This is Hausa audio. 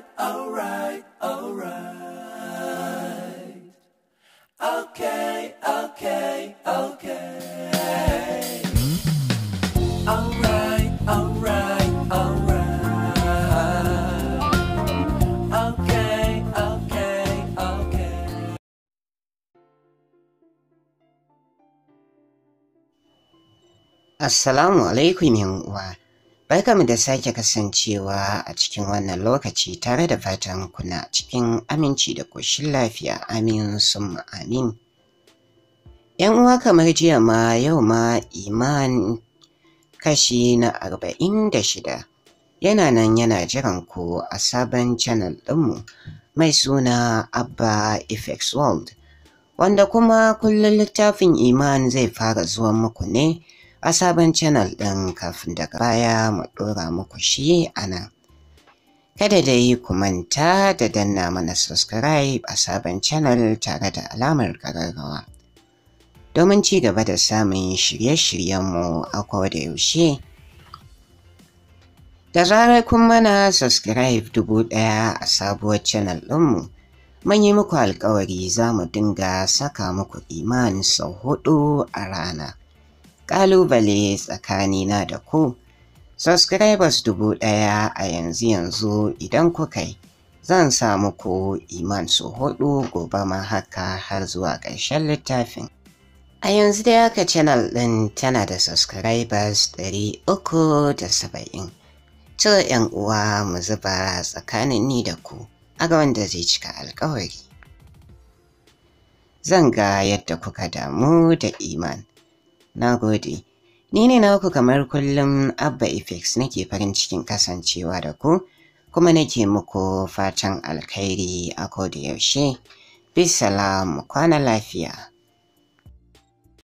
right, all right, all right. Okay, okay, okay. All right, all right, all right. Okay, okay, okay. Assalamu alaikum 'yan uwa. Barkamu da sake kasancewa a cikin wannan lokaci tare da fatan kuna cikin aminci da koshin lafiya amin sun amin. ‘Yan uwa kamar jiya ma yau ma iman kashi na arba'in da shida yana nan yana jiran ku a sabon channel ɗinmu mai suna Abba Effects World wanda kuma kullum littafin iman zai fara zuwan muku ne. a sabon channel ɗin kafin daga baya mu ɗora muku shi a nan. Kada dai ku manta da danna mana subscribe a sabon channel tare da alamar kararrawa. Domin ci gaba da samun shirye-shiryenmu a yaushe. Da zarar kun mana subscribe dubu ɗaya a sabuwar channel ɗinmu, mun yi muku alkawari za mu dinga saka muku iman sau hudu a rana. ƙalubale tsakanina da ku. Subscribers dubu ɗaya a yanzu yanzu idan kuka yi, zan sa muku iman su hudu gobe ma haka har zuwa ƙarshen littafin. A yanzu da haka channel ɗin tana da subscribers ɗari uku da saba'in. To ‘yan uwa mu zuba tsakanin ni da ku, a ga wanda zai cika alkawari. Zan ga yadda kuka damu da iman. Na gode. Ni ne naku kamar kullum Abba Effects nake farin cikin kasancewa da ku, kuma nake muku fatan alkhairi a kodayaushe? yaushe. Bisalamu kwana lafiya.